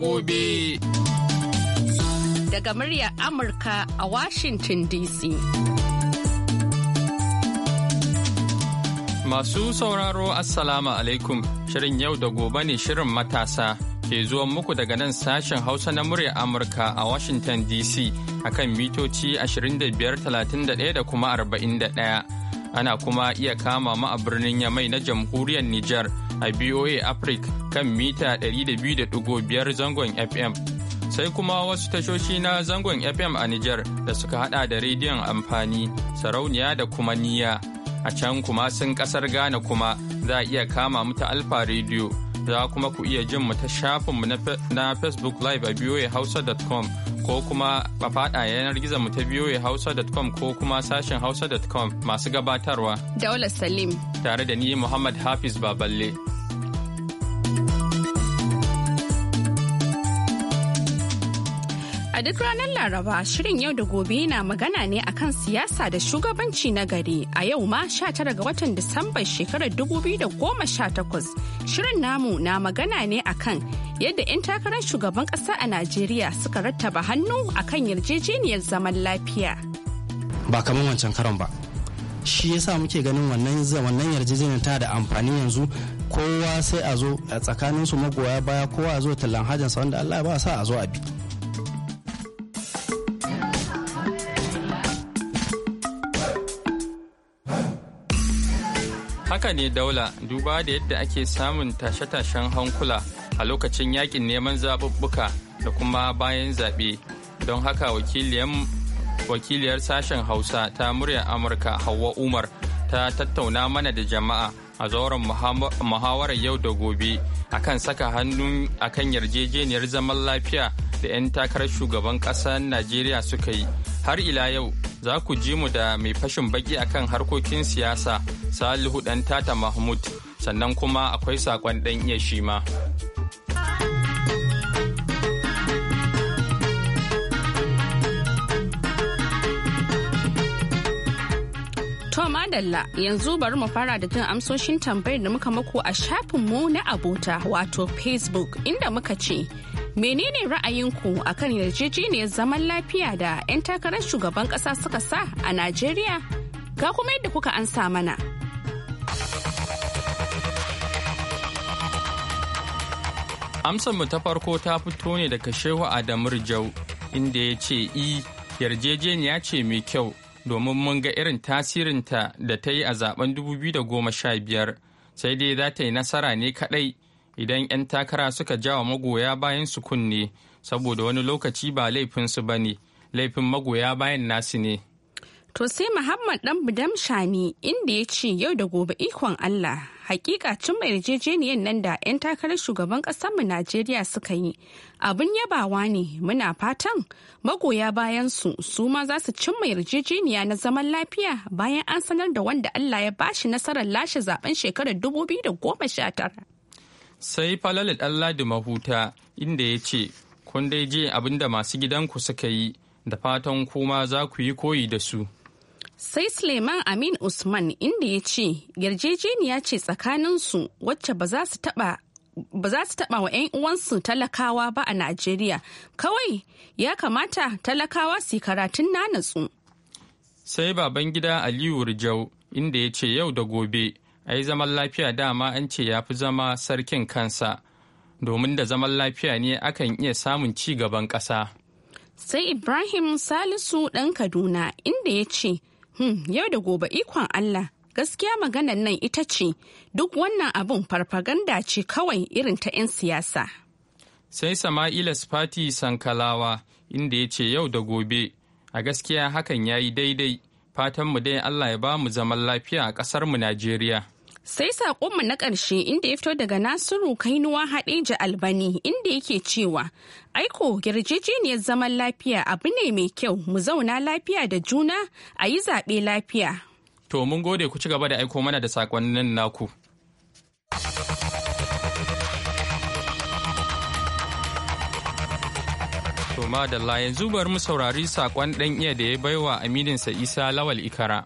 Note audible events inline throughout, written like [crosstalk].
gobe. Daga muryar Amurka a Washington DC. Masu sauraro Assalamu alaikum Shirin yau da gobe ne Shirin matasa ke zuwa muku daga nan sashen Hausa na muryar Amurka a Washington DC akan mitoci 25,31 da kuma 41. Ana kuma iya kama mu a birnin Yamai na jamhuriyar Nijar. a BOA Africa kan mita 200.5 zangon FM. Sai kuma wasu tashoshi na zangon FM a Nijar da suka hada da rediyon amfani, sarauniya da kuma niyya. A can kuma sun kasar Ghana kuma za a iya kama mu ta Alfa Radio. Za kuma ku iya jin mu ta shafinmu na Facebook Live a boahausa.com ko kuma a fada yanar gizon mu ta voahausa.com ko kuma sashen hausa.com masu gabatarwa. Daular Salim. Tare da ni Muhammad Hafiz Baballe. A duk ranar Laraba shirin yau da gobe na magana ne akan siyasa da shugabanci na gari a yau ma 19 ga watan Disambar shekarar 2018. Shirin namu na magana ne akan yadda 'yan takarar shugaban kasa a Najeriya suka rattaba hannu akan yarjejeniyar zaman lafiya. Ba kamar wancan karon ba. shi yasa muke ganin wannan wannan yarjejeniyar ta da amfani yanzu kowa sai a zo a tsakaninsu magoya baya kowa a zo tallan hajjansa wanda Allah ba sa a zo a bi. Haka ne daula duba da yadda ake samun tashe-tashen hankula a lokacin yakin neman zaɓuɓɓuka da kuma bayan zaɓe. Don haka wakiliyar sashen Hausa ta murya Amurka Hauwa Umar ta tattauna mana da jama'a a zauren muhawarar yau da gobe akan saka hannu akan yarjejeniyar zaman lafiya da 'yan takarar shugaban ƙasar Najeriya suka yi har ila yau za ku ji mu da mai fashin baki akan harkokin siyasa salihu dan tata mahmud sannan kuma akwai sakon dan iya shi ma To madalla yanzu bari mu fara da jin amsoshin tambayar da muka mako a shafinmu na abota wato facebook inda muka ce menene ra'ayinku akan yarjejeniyar zaman lafiya da 'yan takarar shugaban ƙasa suka sa a najeriya ga kuma yadda kuka amsa mana mu ta farko ta fito ne daga shehu Adamu jau inda ya ce i yarjejeniya ce mai kyau domin mun ga irin tasirinta da ta yi a zaben 2015 sai dai za ta yi nasara ne kadai idan 'yan takara suka jawa magoya bayan su kunne saboda wani lokaci ba laifin su ba ne laifin magoya bayan nasu ne To sai Muhammad dan Budam Shani inda ya ce yau da gobe ikon Allah hakika cin mai yarjejeniyar nan da 'yan takarar shugaban mu Najeriya suka yi abin yabawa ne muna fatan magoya bayan su su ma za su cin mai yarjejeniya na zaman lafiya bayan an sanar da wanda Allah ya bashi nasarar lashe zaben shekarar 2019. sai falala ɗan ladi mahuta inda ya ce kun dai je abin masu gidanku suka yi da fatan kuma za ku yi koyi da su sai suleiman amin usman inda ya ce yarjejeniya ce tsakaninsu wacce ba za su taba ba za su taba wa 'yan uwansu talakawa ba a najeriya kawai ya kamata talakawa su karatun nanatsu. sai baban gida aliyu rijau inda ya ce yau da gobe a yi zaman lafiya dama an ce ya fi zama sarkin kansa domin da zaman lafiya ne akan iya samun ci gaban ƙasa. sai ibrahim salisu ɗan kaduna inda ya ce hmm, yau da gobe ikon allah gaskiya maganan nan ita ce duk wannan abun farfaganda ce kawai irin ta 'yan siyasa sai sama'ila Fati sankalawa inda ya ce yau da gobe a gaskiya hakan ya yi daidai fatanmu dai allah ya ba mu zaman lafiya a ƙasarmu najeriya Sai saƙonmu na ƙarshe inda ya fito daga Nasiru Kainuwa Haɗeja Albani inda yake cewa aiko yarjejeniyar zaman lafiya abu ne mai kyau mu zauna lafiya da juna a yi zaɓe lafiya. To mun gode ku ci gaba da aiko mana da saƙonnin naku. To da yanzu bari mu saurari saƙon ɗan iya da ya baiwa amininsa Isa Lawal Ikara.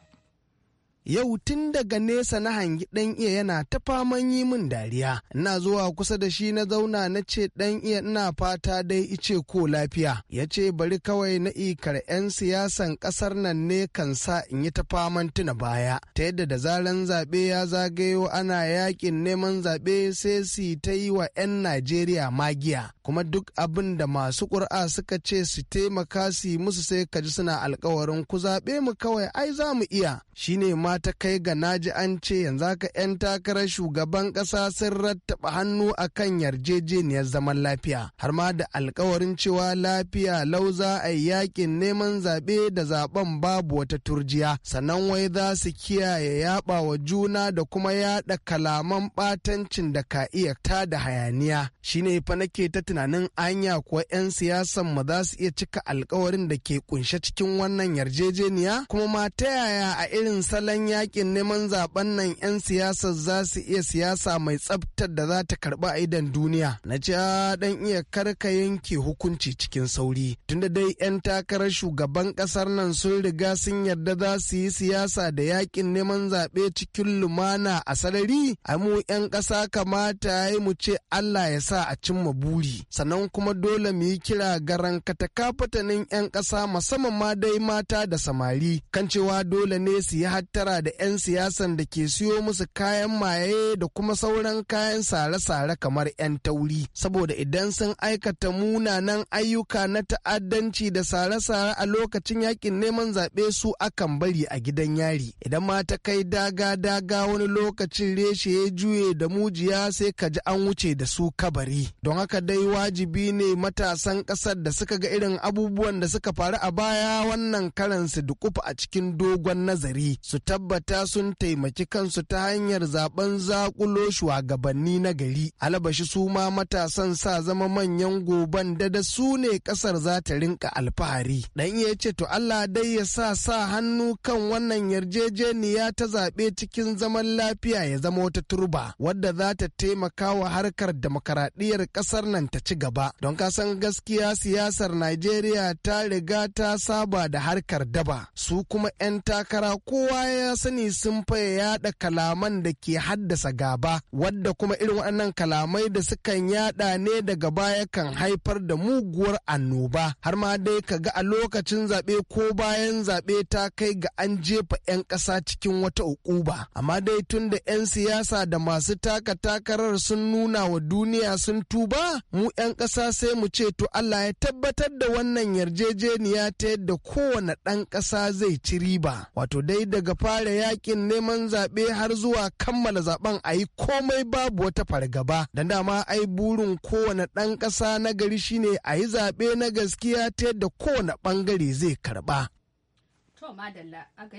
yau tun daga nesa na hangi ɗan iya yana ta faman yi min dariya ina zuwa kusa da shi na zauna na ce ɗan iya ina fata dai ice ko lafiya ya ce bari kawai na ikar 'yan siyasan ƙasar nan ne kan sa in yi ta faman tuna baya ta yadda da zaren zaɓe ya zagayo ana yakin neman zaɓe sai su ta yi wa 'yan najeriya magiya kuma duk abin da masu ƙura suka ce su taimaka su musu sai kaji suna alkawarin ku zaɓe mu kawai ai za mu iya shine ma ta kai ga naji an ce yanzu haka 'yan takarar shugaban ƙasa sun rattaba hannu a kan yarjejeniyar zaman lafiya har ma da alkawarin cewa lafiya lau za a yi yakin neman zaɓe da zaɓen babu wata turjiya sannan wai za su kiyaye yaɓa wa juna da kuma yaɗa kalaman ɓatancin da ka iya ta da hayaniya shine fa nake ta tunanin anya kuwa 'yan siyasan mu za su iya cika alkawarin da ke kunshe cikin wannan yarjejeniya kuma ma ta yaya a irin salon yakin neman zaben nan 'yan siyasar za su iya siyasa mai tsabtar da za ta karba idan duniya na ce dan iya karka yanke hukunci cikin sauri tunda dai 'yan takarar shugaban kasar nan sun riga sun yarda za su yi siyasa da yakin neman zaɓe cikin lumana a sarari a mu 'yan ƙasa kamata ya mu ce Allah ya sa a cimma buri sannan kuma dole mu yi kira ga rankata kafatanin 'yan ƙasa musamman ma dai mata da samari kan cewa dole ne su yi hattara hada da 'yan siyasan da ke siyo musu kayan maye da kuma sauran kayan sare-sare kamar 'yan tauri saboda idan sun aikata munanan ayyuka na ta'addanci da sare-sare a lokacin yakin neman zaɓe su akan bari a gidan yari idan ma ta kai daga-daga wani lokacin reshe ya juye da mujiya sai ka ji an wuce da su kabari don haka dai wajibi ne matasan ƙasar da suka ga irin abubuwan da suka faru a baya wannan karansu su dukufa a cikin dogon nazari su tabbatar tabbata sun taimaki kansu ta hanyar zaben zakulo shugabanni na gari alabashi su ma matasan sa zama manyan goban da da su ne kasar za ta rinka alfahari dan ya ce to Allah dai ya sa sa hannu kan wannan yarjejeniya ta zaɓe cikin zaman lafiya ya zama wata turba wadda za ta taimaka wa harkar demokaradiyyar kasar nan ta ci gaba don kasan gaskiya siyasar Najeriya ta riga ta saba da harkar daba su kuma 'yan takara kowa ya sani sun faya yada kalaman da ke haddasa gaba wadda kuma irin waɗannan kalamai da sukan yada ne daga baya kan haifar da muguwar annoba har ma dai ka ga a lokacin zaɓe ko bayan zaɓe ta kai ga an jefa 'yan ƙasa cikin wata ukuba amma dai tun da 'yan siyasa da masu taka takarar sun nuna wa duniya sun tuba mu 'yan ƙasa sai mu ce to Allah ya tabbatar da wannan yarjejeniya ta yadda kowane ɗan ƙasa zai ci riba wato dai daga fara yakin neman zaɓe har zuwa kammala zaben a yi komai babu wata fargaba da dama ai burin kowane ɗan ƙasa na gari shine a yi zaɓe na gaskiya ta yadda kowane ɓangare zai karɓa.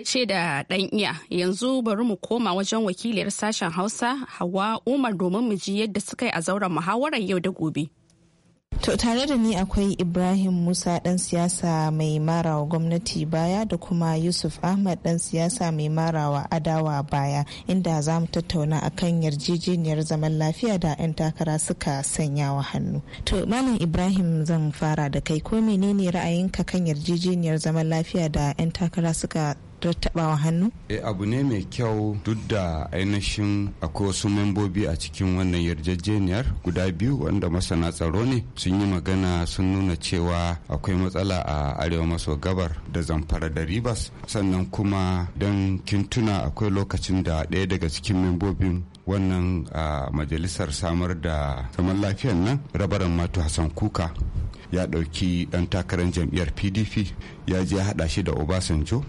Ce da ɗan iya yanzu bari mu koma wajen wakiliyar sashen Hausa Hawa Umar domin mu ji yadda suka yi a zauren muhawarar yau da gobe. To tare da ni akwai Ibrahim Musa ɗan siyasa mai marawa gwamnati baya da kuma Yusuf Ahmad ɗan siyasa mai marawa adawa baya inda za mu tattauna akan yarjejeniyar zaman lafiya da 'yan takara suka sanya wa hannu. To Malam Ibrahim zan fara da kai ko menene ra'ayinka kan yarjejeniyar zaman lafiya da 'yan takara suka tattabawa hannu? E abu ne mai kyau duk da ainihin akwai wasu membobi a cikin wannan yarjejeniyar guda biyu wanda masana tsaro ne sun yi magana sun nuna cewa akwai matsala a arewa maso gabar da zamfara da ribas sannan kuma don kintuna akwai lokacin da ɗaya daga cikin membobin wannan majalisar samar da zaman lafiyar nan rabaran matu hassan kuka ya ɗauki ɗan takarar jam'iyyar pdp ya je haɗa shi da obasanjo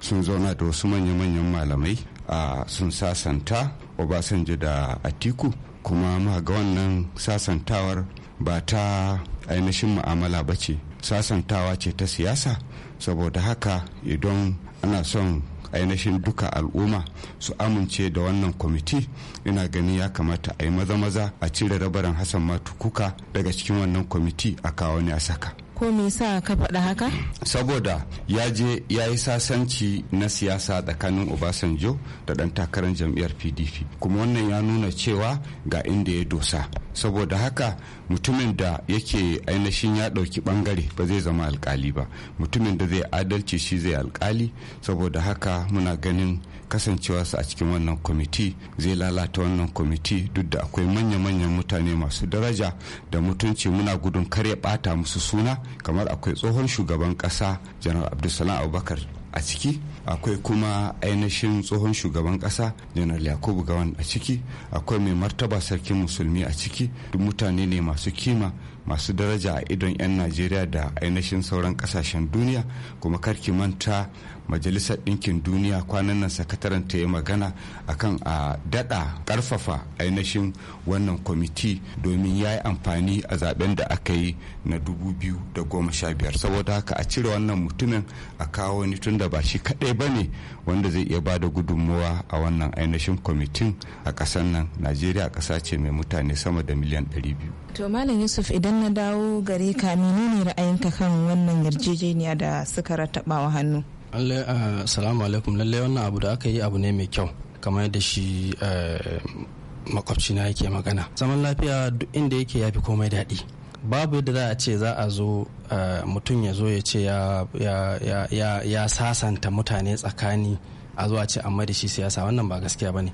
sun zauna da wasu manya-manyan malamai a sun sasanta obasanjo da atiku kuma ma ga wannan sasantawar ba ta ainihin ma'amala ba ce sasantawa ce ta siyasa saboda haka idan ana son ainihin duka al'umma su amince da wannan kwamiti ina gani ya kamata a yi maza-maza a cire rabaran hassan matukuka daga cikin wannan kwamiti a kawo ne a saka ko me yasa ka faɗa haka saboda ya je ya yi sasanci na siyasa tsakanin obasanjo da ɗan takarar jam'iyyar pdp kuma wannan ya nuna cewa ga inda ya dosa saboda haka mutumin da yake ainihin ya ɗauki ɓangare ba zai zama alkali ba mutumin da zai adalci shi zai alkali saboda haka muna ganin kasancewarsu a cikin wannan kwamiti zai lalata wannan kwamiti duk da akwai manya-manyan mutane masu daraja da mutunci muna gudun kar ya bata musu suna kamar akwai tsohon shugaban kasa janar abdulsalam abubakar a ciki akwai kuma ainihin tsohon shugaban kasa janar yakubu gawan a ciki akwai mai martaba sarkin musulmi a ciki duk mutane ne masu kima masu daraja a idon 'yan najeriya da ainihin sauran kasashen duniya kuma karki manta majalisar ɗinkin duniya kwanan nan sakataren ta yi magana akan a daɗa karfafa ainihin wannan kwamiti domin ya yi amfani a zaben da aka yi na 2015 saboda haka a cire wannan mutumin a kawo wani tun da ba shi kaɗai ba ne wanda zai iya ba da gudunmawa a wannan ainihin kwamitin a ƙasar nan najeriya ƙasa ce mai mutane sama da miliyan 200 to malam yusuf idan na dawo gare ka menene ra'ayinka kan wannan yarjejeniya da suka rataɓa hannu Assalamu ah, alaikum lallai wannan abu da aka yi abu ne mai kyau kamar yadda shi eh, makwabcina yake magana zaman lafiya duk inda yake ya fi komai daɗi babu yadda za a ce za a zo eh, mutum ya zo ya ce ya sasanta mutane tsakani a zuwa ce amma da shi siyasa wannan ba gaskiya ba ne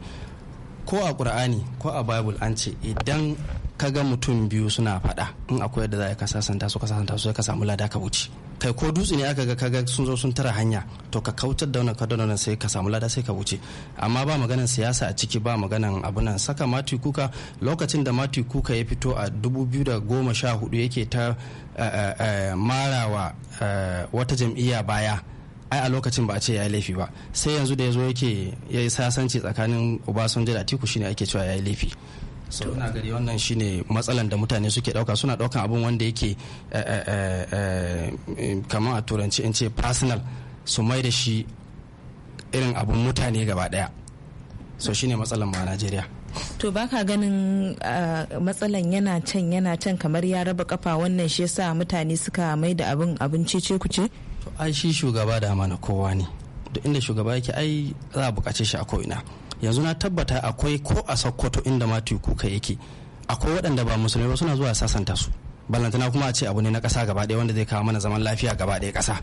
ko a ƙur'ani ko a bible an ce idan ka ga mutum biyu suna faɗa in akwai yadda za a ka sasanta su ka sasanta su ka samu lada ka wuce kai ko dutse ne aka ga kaga sun zo sun tara hanya to ka kautar da wannan kadon nan sai ka samu lada sai ka wuce amma ba maganan siyasa a ciki ba maganan abunan nan saka mati kuka lokacin da mati kuka ya fito a 2014 yake ta eh, eh, eh, marawa wata jam'iyya baya ai a lokacin ba a ce ya laifi ba sai yanzu da ya zo yake ya yi sasanci tsakanin obasanjo da atiku shine ake cewa ya laifi so ina gari wannan shine matsalan da mutane suke dauka suna daukan abin wanda yake eh, eh, eh, kamar a turanci in ce personal su mai da shi irin abin mutane gaba daya so shine matsalan ma najeriya to baka ganin matsalan yana can yana can kamar ya raba kafa wannan shi yasa mutane suka mai da abin abin cece kuce to ai shi shugaba da mana kowa ne duk inda shugaba yake ai za a bukace shi a ko'ina ina yanzu na tabbata akwai ko a sokoto inda mati kuka yake akwai waɗanda ba musulmai ba suna zuwa sasanta su ballantana kuma a ce abu ne na ƙasa gaba ɗaya wanda zai kawo mana zaman lafiya gaba ɗaya ƙasa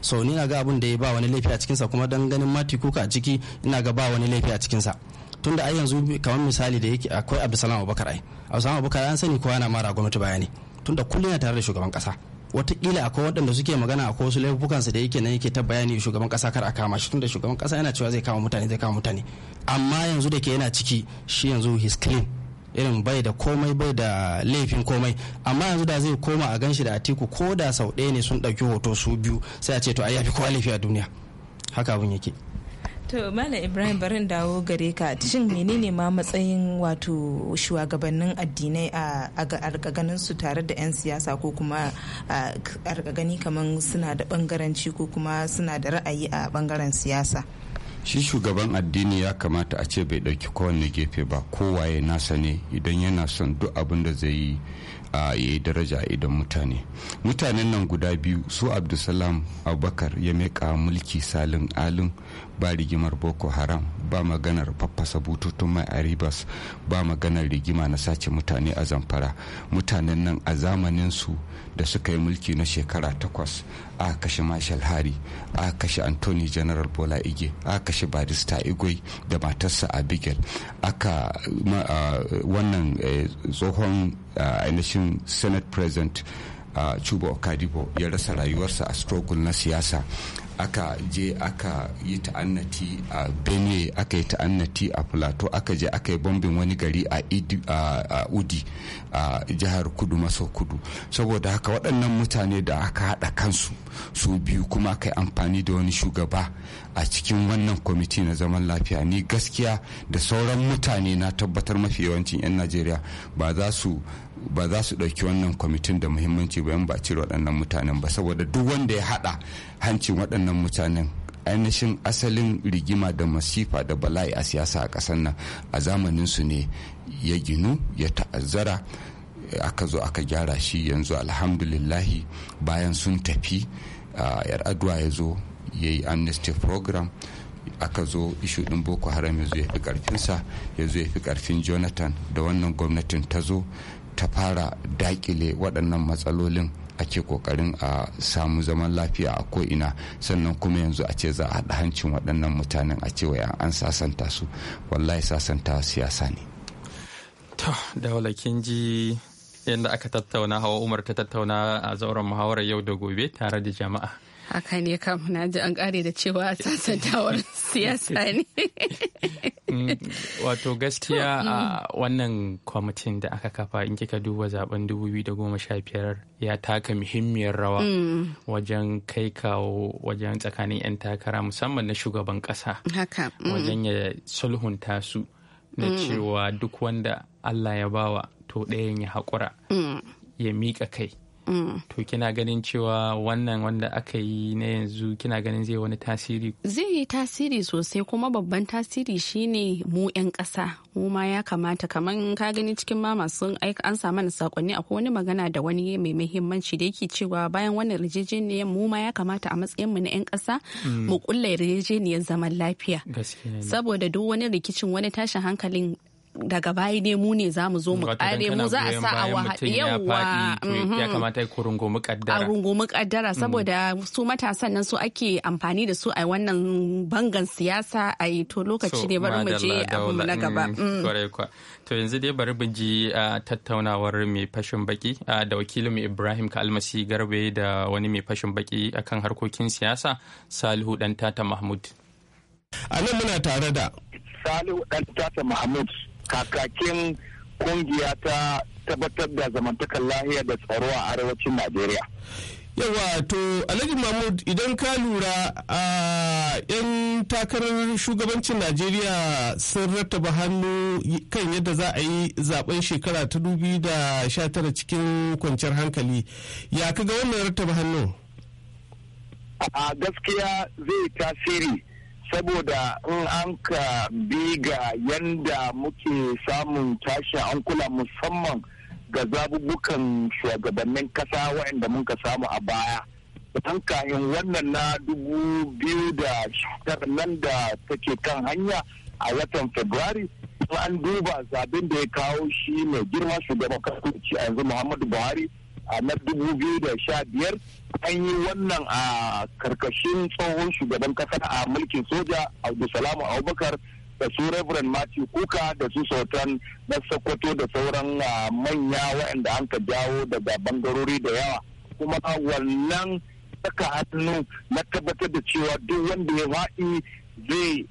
so ni na ga abun da ya ba wani laifi a cikinsa kuma dan ganin mati kuka a ciki ina ga ba wani laifi a cikinsa tunda ai yanzu kamar misali da yake akwai abdulsalam abubakar ai abdulsalam abubakar an sani kowa yana mara gwamnati bayani tunda kullum yana tare da shugaban ƙasa watakila akwai waɗanda suke magana a wasu laifukansa da yake nan yake ta bayani shugaban ƙasa kar a kama shi tunda shugaban ƙasa yana cewa zai kama mutane zai kama mutane amma yanzu da ke yana ciki shi yanzu his clean irin bai da komai bai da laifin komai amma yanzu da zai koma a ganshi da atiku ko da sau ɗaya ne sun ɗauki hoto su biyu sai a ce to a yafi kowa laifi a duniya haka abin yake To Malam Ibrahim barin dawo gare ka shin menene ma matsayin wato shugabannin addinai a ganin su tare da 'yan siyasa ko kuma a gani kamar suna da bangaranci ko kuma suna da ra'ayi a bangaren siyasa? Shi shugaban addini ya kamata a ce bai ɗauki kowanne gefe ba kowaye nasa ne idan yana son duk abin da zai yi a yayi daraja idan mutane mutanen nan guda biyu su abdulsalam abubakar ya meka mulki salin alin ba rigimar boko haram ba maganar faffasa bututun mai a ribas ba maganar rigima na sace mutane a zamfara mutanen nan a zamanin su da suka yi mulki na shekara takwas a kashe marshal hari a kashe anthony general bola ige a kashe barista igwe da matarsa abigail aka wannan e, tsohon ainihin senate president a uh, okadibo ya rasa rayuwarsa a struggle na siyasa aka je aka yi ta'annati a benue aka yi ta'annati a plateau aka je aka yi bombin wani gari a, udi a jihar kudu maso kudu saboda haka waɗannan mutane da aka haɗa kansu su biyu kuma aka yi amfani da wani shugaba a cikin wannan kwamiti na zaman lafiya ni gaskiya da sauran mutane na tabbatar mafi yawancin 'yan najeriya ba za su ba za su ɗauki wannan kwamitin da muhimmanci ba yan ba cire waɗannan mutanen ba saboda duk wanda ya haɗa hancin waɗannan mutanen ainihin asalin rigima da masifa da bala'i a siyasa a ƙasar nan a zamanin su ne ya ginu ya ta'azzara aka zo aka gyara shi yanzu alhamdulillahi bayan sun tafi yar adwa ya zo ya yi amnesty program aka zo ishu ɗin boko haram ya zo ya fi karfinsa ya zo ya fi ƙarfin jonathan da wannan gwamnatin ta zo ta fara dakile waɗannan matsalolin ake kokarin a samu zaman lafiya a ko'ina sannan kuma yanzu a ce za a haɗa hancin waɗannan mutanen a ce an sasanta su wallahi sasanta siyasa ne to kin ji yadda aka tattauna hawa umar ta tattauna a zauren muhawarar yau da gobe tare da jama'a haka ne kam na ji an kare da cewa [laughs] sasantawar siyasa ne [laughs] mm, wato gaskiya mm. a wannan kwamitin da aka kafa in kika duba zaben 2015 ya taka muhimmiyar rawa mm. wajen kai kawo wajen tsakanin 'yan takara musamman na shugaban kasa wajen ya sulhunta su da cewa duk wanda allah ya bawa to ɗayan ya haƙura ya miƙa kai to kina ganin cewa wannan wanda aka yi na yanzu kina ganin zai wani tasiri zai yi tasiri sosai kuma babban tasiri shine mu 'yan ƙasa mu ma ya kamata kamar ka gani cikin ma masu an samu mana sakonni akwai wani magana da wani mai muhimmanci da yake cewa bayan wannan yarjejeniyar mu ma ya kamata a matsayin mu na 'yan ƙasa mu kulla mm. yarjejeniyar zaman lafiya saboda duk wani rikicin wani tashin hankalin daga baya ne mu ne za mu zo mu kare mu za a sa a wahaɗe yawa ya mhm. kamata ya rungumi kaddara a rungumi kaddara mm. saboda su matasan nan su ake amfani da su a wannan bangan siyasa a yi to lokaci ne bari mu je abu na gaba mm, mm. to yanzu dai bari mu ji tattaunawar mai fashin baki da wakilin Ibrahim Kalmasi Garbe da wani mai fashin baki akan harkokin siyasa Salihu tata Mahmud a nan muna tare da Salihu tata Mahmud kakakin kungiya ta tabbatar da zamantakar lahiya da tsaro a arewacin najeriya yawa to alhaji mahmud idan ka lura a yan takarar shugabancin najeriya sun rattaba hannu kan yadda za a yi zaben shekara ta dubi da sha tara cikin kwanciyar hankali ya kaga wannan rattaba hannu a gaskiya zai tasiri saboda in an ka bi ga yanda muke samun tashi an musamman ga zabubukan shugabannin kasa waɗanda mun ka samu a baya tan kayan wannan na dubu biyu da shekarar nan da take kan hanya a watan februari an duba zaben da ya kawo shi mai girma shugaban kasuwanci a yanzu muhammadu buhari a na dubu biyu da sha biyar an yi wannan a karkashin tsohon shugaban kasa a mulkin soja abdulsalamu abubakar da su reverend matthew kuka da su sautan na sokoto da sauran manya waɗanda an ka jawo daga bangarori da yawa kuma wannan saka hannu na tabbatar da cewa duk wanda ya fa'i zai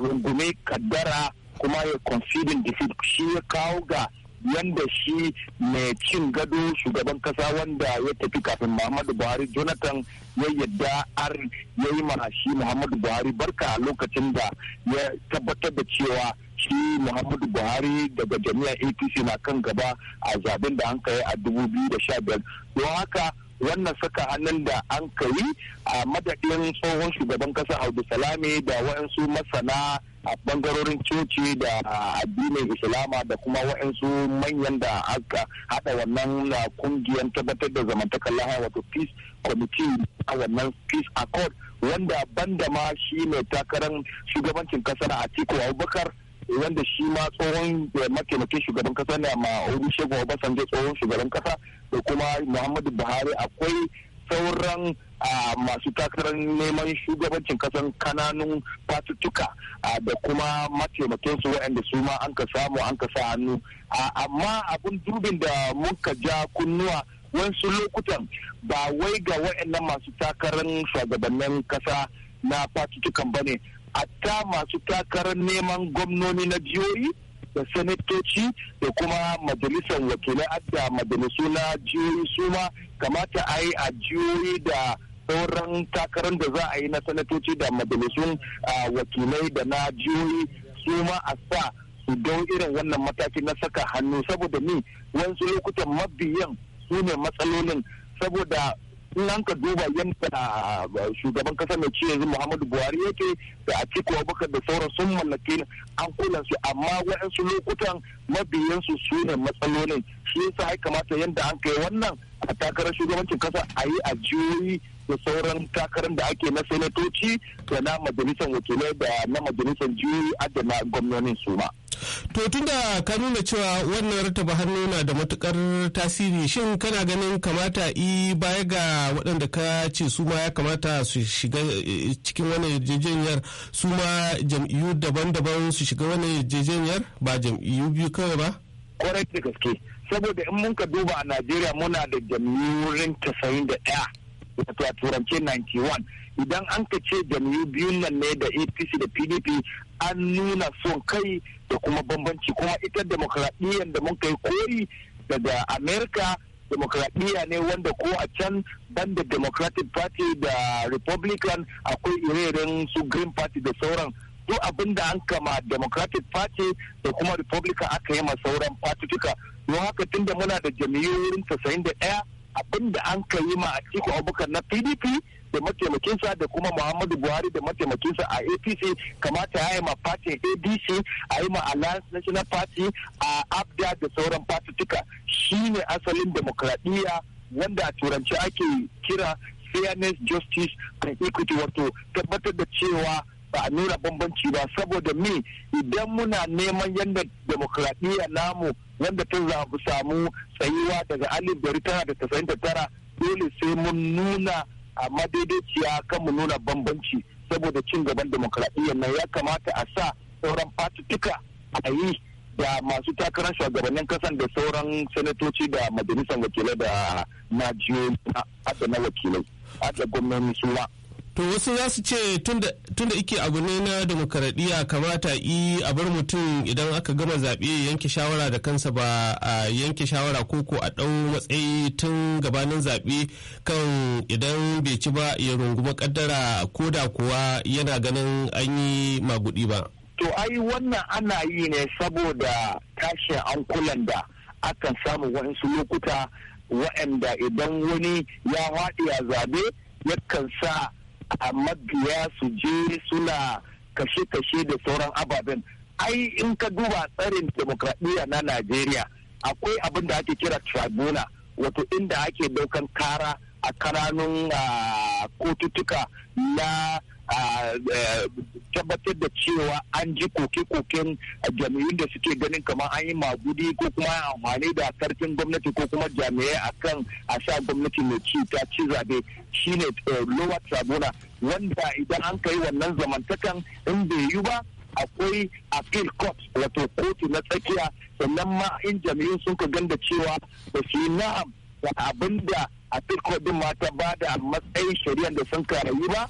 rungume kaddara kuma ya conceding defeat shi ya kawo ga yanda shi mai cin gado shugaban kasa wanda ya tafi kafin muhammadu buhari jonathan ya yadda ar ya yi mana shi muhammadu buhari barka a lokacin da ya tabbatar da cewa shi muhammadu buhari daga jami'ar apc na kan gaba a zaben da an kai a 2015 don haka wannan saka hannun da an kai a madadin tsohon shugaban kasa Audu Salame da waɗansu masana a bangarorin coci da addinin islama da kuma waɗansu manyan da aka haɗa wannan uh, kungiyar tabbatar da zamantakar laha wato peace committee a wannan peace accord wanda banda ma shi ne takarar shugabancin kasar atiku abubakar wanda shi ma tsohon uh, mataimakin shugaban kasa ne ma Basan obasanjo tsohon shugaban kasa da kuma muhammadu buhari akwai sauran masu takarar neman shugabancin kasan kananun fatuttuka da kuma mataimakinsu waɗanda su ma an ka samu an ka sa hannu amma abin dubin da muka ja kunnuwa wasu lokutan ba wai ga waɗannan masu takarar shugabannin kasa na fatuttukan ba ne a ta masu takarar neman gwamnoni na jihohi da sanatoci da kuma majalisar wakilai da majalisu na jihohi ma kamata a yi a jihohi da sauran takarar da za a yi na sanatoci da majalisun wakilai da na jihohi ma a sa su dau irin wannan mataki na saka hannu saboda ni wasu lokutan mabiyan su ne matsalolin saboda in an ka duba yadda uh, shugaban kasar mai ciye yanzu muhammadu buhari yake da a ciko baka da sauran sun mallake an kula su amma waɗansu lokutan mabiyansu su ne matsalolin shi yasa ya kamata yadda an kai wannan a takarar shugabancin kasa a yi a jiyoyi da sauran takarar da ake na sanatoci da na majalisar wakilai da na majalisar jihohi na gwamnonin su ma. To tunda ka nuna cewa wannan rataba hannu na da matukar tasiri shin kana ganin kamata i baya ga waɗanda ka ce su ma ya kamata su shiga e, e, cikin wani yarjejeniyar su ma jam'iyyu daban-daban su shiga wani yarjejeniyar ba jam'iyyu biyu kawai ba? Kwarai da gaske saboda in mun ka duba a Najeriya muna da jam'iyyurin tasirin da ɗaya wato a turance 91 idan an ka ce jam'iyyu biyun nan ne da APC da PDP an nuna son kai da kuma bambanci kuma ita demokradiyyar da muka yi koyi daga america demokradiyya ne wanda ko a can ban da democratic party da republican akwai ire-iren su green party da sauran duk abin da an kama democratic party da kuma republican aka yi ma sauran fatutuka don haka tunda muna da jami'u wurin 91 abin da an ka yi ma a cikin abubakar na pdp da mataimakinsa da kuma muhammadu buhari da mataimakinsa a apc kamata ya yi ma party adc a yi ma alliance national party a abda da sauran shi shine asalin demokradiyya wanda a turanci ake kira fairness justice and equity wato tabbatar da cewa ba a nuna bambanci ba saboda me idan muna neman yadda demokradiyya namu wanda ta samu tsayuwa daga alif dari tara da tasa'in da tara dole sai mun nuna amma daidaiciya kan mu nuna bambanci saboda cin gaban demokradiyyar nan ya kamata a sa sauran fatutuka a yi da masu takarar shugabannin kasan da sauran sanatoci da majalisar wakilai da na jiyo na wakilai a da gwamnoni suna To wasu za su ce tunda ike abu ne na demokaradiyya kamata yi a bar mutum idan aka gama zaɓe yanke shawara da kansa ba a yanke shawara koko a ɗau matsayi tun gabanin zaɓe kan idan bai ci ba ya runguma kaddara ko da kuwa yana ganin an yi magudi ba. To ai wannan ana yi ne saboda tashin ankulan da akan samu waɗansu lokuta waɗanda idan wani ya haɗe a zabe yakan sa a mabiya su je suna kashe-kashe da sauran ababen ai in ka duba tsarin demokradiyya na najeriya akwai abin da ake kira tribuna wato inda ake daukan kara a kananun ah, kotutuka na tabbatar da cewa an ji koke-koken jami'in da suke ganin kamar an yi magudi ko kuma amfani da sarkin gwamnati ko kuma jami'ai akan a sa gwamnati mai ci ta ci zabe shine eh, lowa sabona wanda idan an kai wannan zamantakan in bai yi ba akwai appeal court wato kotu na tsakiya sannan ma in jami'in sun ka ganda cewa ba su yi na'am da abin da appeal court din ma ta da matsayin shari'ar da sun karayi ba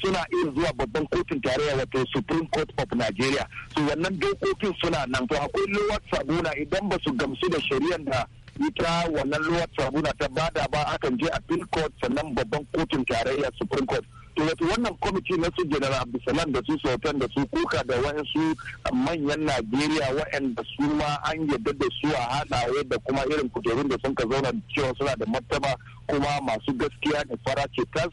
suna iya zuwa babban kotun tarayya wato supreme court of nigeria su wannan dokokin suna nan to akwai lowar sabuna idan ba su gamsu da shari'ar da ita wannan lowar sabuna ta bada ba akan je appeal court sannan babban kotun tarayya supreme court to wato wannan kwamiti na su general abdulsalam da su sautan da su kuka da wasu manyan najeriya wa'anda su ma an yadda da su a haɗawa da kuma irin kujerun da sun ka zauna cewa suna da martaba kuma masu gaskiya da fara tas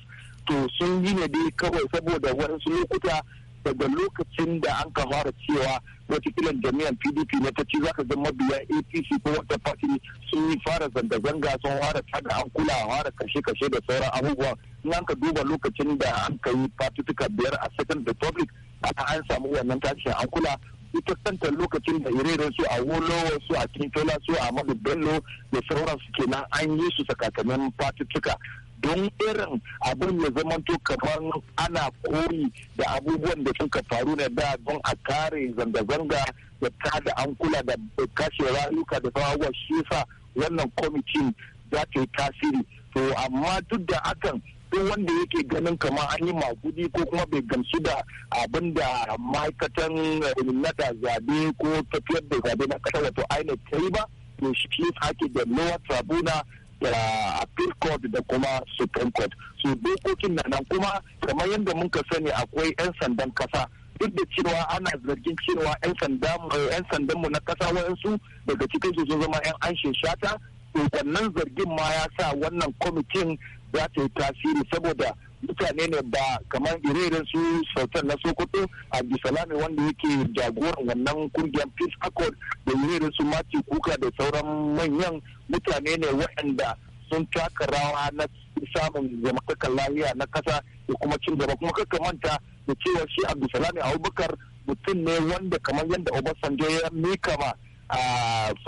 to sun yi ne dai kawai saboda wasu lokuta daga lokacin da an ka fara cewa watakila jami'an pdp na ta ci za ka zama biya apc ko wata Fati sun yi fara zanga-zanga sun fara tada an kula fara kashe-kashe da sauran abubuwa in an ka duba lokacin da an ka yi fatutuka biyar a second republic aka an samu wannan tashin an kula ita kanta lokacin da irere su a wolo su a kintola su a madu bello da sauran su kenan an yi su sakakamin fatutuka don irin abin ya zamanto kamar ana kori da abubuwan da suka faru na da don a kare zanga-zanga da ta da an kula da kashe rayuka da sauran shi sa wannan kwamitin za ta yi tasiri to amma duk da hakan duk wanda yake ganin kamar an yi magudi ko kuma bai gamsu da abin da ma'aikatan eh, nada zabe ko tafiyar da zabe na kasa wato aina ta yi ba to shi ake da lowa tribuna appeal court da kuma supreme court so dokokin na nan kuma kamar yadda muka sani akwai 'yan sandan kasa duk da cewa ana zargin cewa 'yan eh, sandanmu na kasa waɗansu daga cikin su sun zama 'yan anshin shata to wannan zargin ma ya sa wannan kwamitin za ta yi tasiri saboda mutane ne ba kamar ire su sautan na sokoto abdulsalami wanda yake jagoran wannan kungiyar peace accord da ire su mati kuka da sauran manyan mutane ne waɗanda sun taka rawa na samun zamantakar lahiya na kasa da kuma cin gaba kuma kaka manta da cewa shi abdulsalami abubakar mutum ne wanda kamar yadda obasanjo ya mika ma a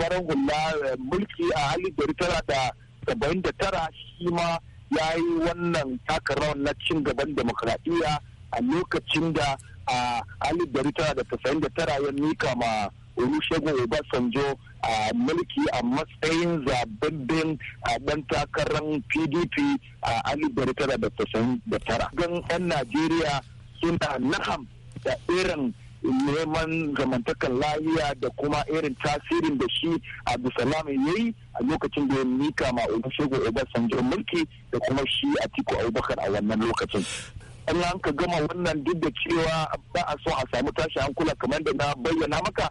farin hula eh, mulki a hali da tara da saba'in da tara shi ya yi wannan taka rawar na cin gaban demokradiyya a lokacin da a alif dari tara da tasa'in da tara ya mika ma olusegun obasanjo a mulki a matsayin zababben a dan takarar pdp a alif dari tara da tasa'in da tara gan yan najeriya suna naham da irin neman zamantakan lafiya da kuma irin tasirin da shi abdulsalam ya yi a lokacin da ya mika ma olusegun obasanjo mulki da kuma shi a atiku abubakar a wannan lokacin an ka gama wannan duk da cewa ba a so a samu tashi hankula kamar da na bayyana maka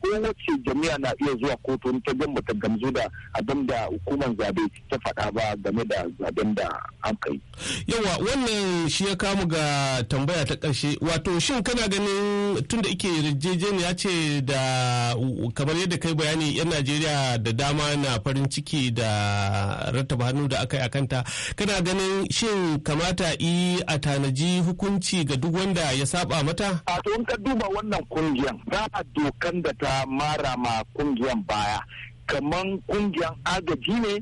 kowace jami'a na iya zuwa kotu ta gamba ta gamzu da abin da hukumar zabe ta faɗa ba game da zaben da an kai. Yawa wannan shi ya kamu ga tambaya ta ƙarshe wato shin kana ganin tunda ike yarjejeniya ce da kamar yadda kai bayani 'yan Najeriya da dama na farin ciki da rattaba hannu da aka yi akanta kana ganin shin kamata yi a tanaji hukunci ga duk wanda ya saba mata? A to in ka duba wannan kungiyar. za a dokan da ta ta mara ma kungiyan baya kamar kungiyan agaji ne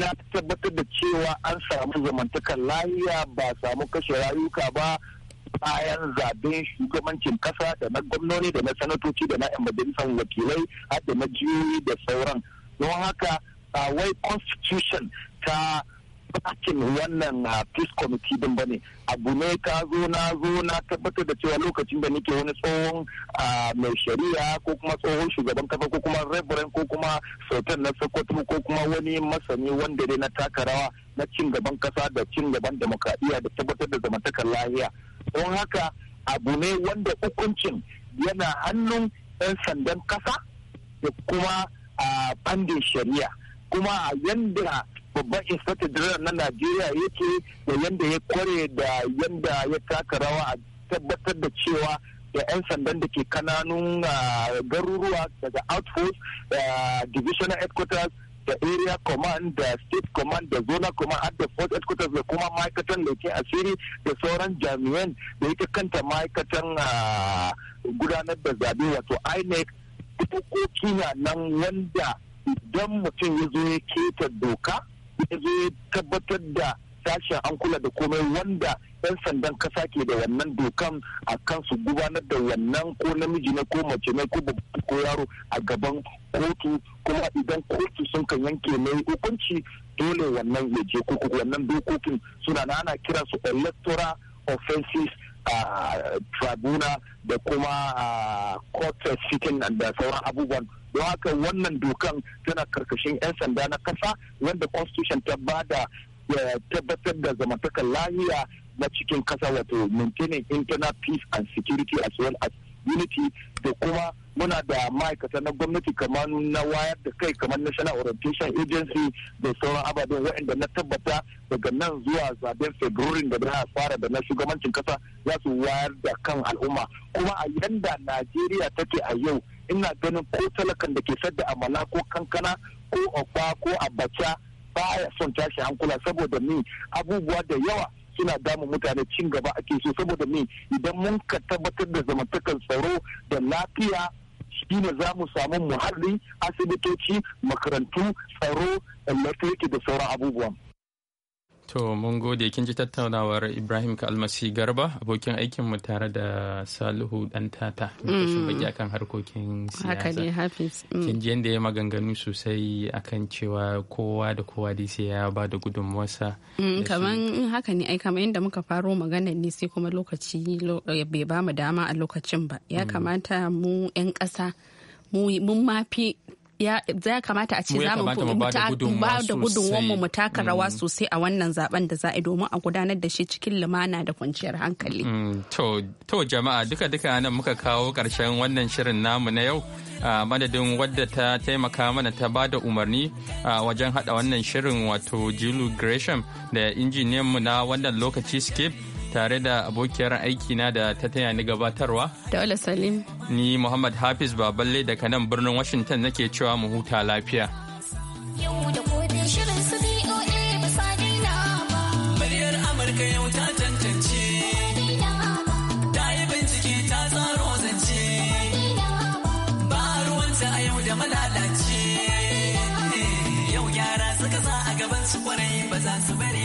na tabbatar da cewa an samu zamantakar lahiya ba samu kashe rayuka ba bayan zaben shugabancin kasa da na gwamnoni da na sanatoci da na 'yan majalisar wakilai har da na jiyoyi da sauran don haka wai constitution ta Bakin wannan na ah, peace committee din bane abu ne ka zo na zo na tabbatar da cewa lokacin da nake wani tsohon ah, mai shari'a ko kuma tsohon shugaban kafa ko kuma reverend ko kuma sautan na sokoto ko kuma wani masani wanda dai na takarawa na cin gaban kasa da cin gaban demokradiyya da tabbatar da zamantakar lahiya don haka abu ne wanda hukuncin yana hannun 'yan sandan kasa da kuma a ah, bandin shari'a kuma yadda babban inspector general na najeriya yake da yanda ya kware da yanda ya taka rawa a tabbatar da cewa da 'yan sandan da ke kananun ah, garuruwa daga outpost ah, divisional headquarters da area command da state command da zona command har da fourth headquarters da kuma ma'aikatan ke asiri da sauran jami'an da ita kanta ma'aikatan ah, gudanar da zabe wato inec dokoki na nan wanda idan mutum ya zo ya keta doka ya zo tabbatar da sashen an kula da komai wanda 'yan sandan kasa ke da wannan dokan a kan su gudanar da wannan ko namiji ne ko mace ne ko ko yaro a gaban kotu kuma idan kotu sun kan yanke mai hukunci dole wannan ya je ko wannan dokokin suna na ana kira su electoral offenses tribuna da kuma court sitting da sauran abubuwan don haka wannan dokan tana karkashin 'yan sanda na kasa wanda constitution ta bada da tabbatar da zamantakar lahiya na cikin kasa wato maintaining internal peace and security as well as unity da kuma muna da ma'aikata na gwamnati kamar na wayar da kai kamar national orientation agency da sauran ababen waɗanda na tabbata daga nan zuwa zaben february da na fara da na shugabancin kasa za su wayar da kan al'umma kuma a yanda najeriya take a yau ina ganin ko talakan da ke sadda amala ko kankana ko okpa ko abacha baya son tashi hankula saboda ni abubuwa da yawa suna damu mutane cin gaba ake so saboda ni idan mun ka tabbatar da zamantakar tsaro da lafiya shine za mu samu muhalli asibitoci makarantu tsaro lantarki da sauran abubuwan To mun gode kin ji tattaunawar Ibrahim ka almasi garba abokin aikinmu tare da Salihu dantata. tata mai baki mm. kan harkokin siyasa. Haka ne Hafiz. Mm. Kin ji yadda ya maganganu sosai akan cewa kowa da kowa da sai ya ba da gudunmuwarsa. Mm, kaman haka ne ai kamar yadda muka faro magana ne sai kuma lokaci eh, bai ba mu dama a lokacin ba. Ya kamata mu 'yan ƙasa mun mafi ya kamata a ce za mu ba da gudunwanmu mu taka rawa mm. sosai a wannan zaben da za a domin a gudanar da shi cikin lumana da kwanciyar hankali. Mm, to jama'a duka-duka nan muka kawo karshen wannan shirin namu na yau. a madadin wadda ta taimaka mana ta ba da umarni a wajen hada wannan shirin wato jilu gresham da injiniyanmu na wannan lokaci skip tare da abokiyar aikina da ta taya ni gabatarwa. Daula Salim. Ni Muhammad Hafiz Baballe daga nan birnin Washington nake cewa mu huta lafiya. Yau da shirin su ba sa daina ba. Muryar Amurka yau ta tantance. Ta yi bincike ta tsaro zance. Ba ruwanta a yau da malalace. Yau gyara suka sa a gaban su kwarai ba za su bari.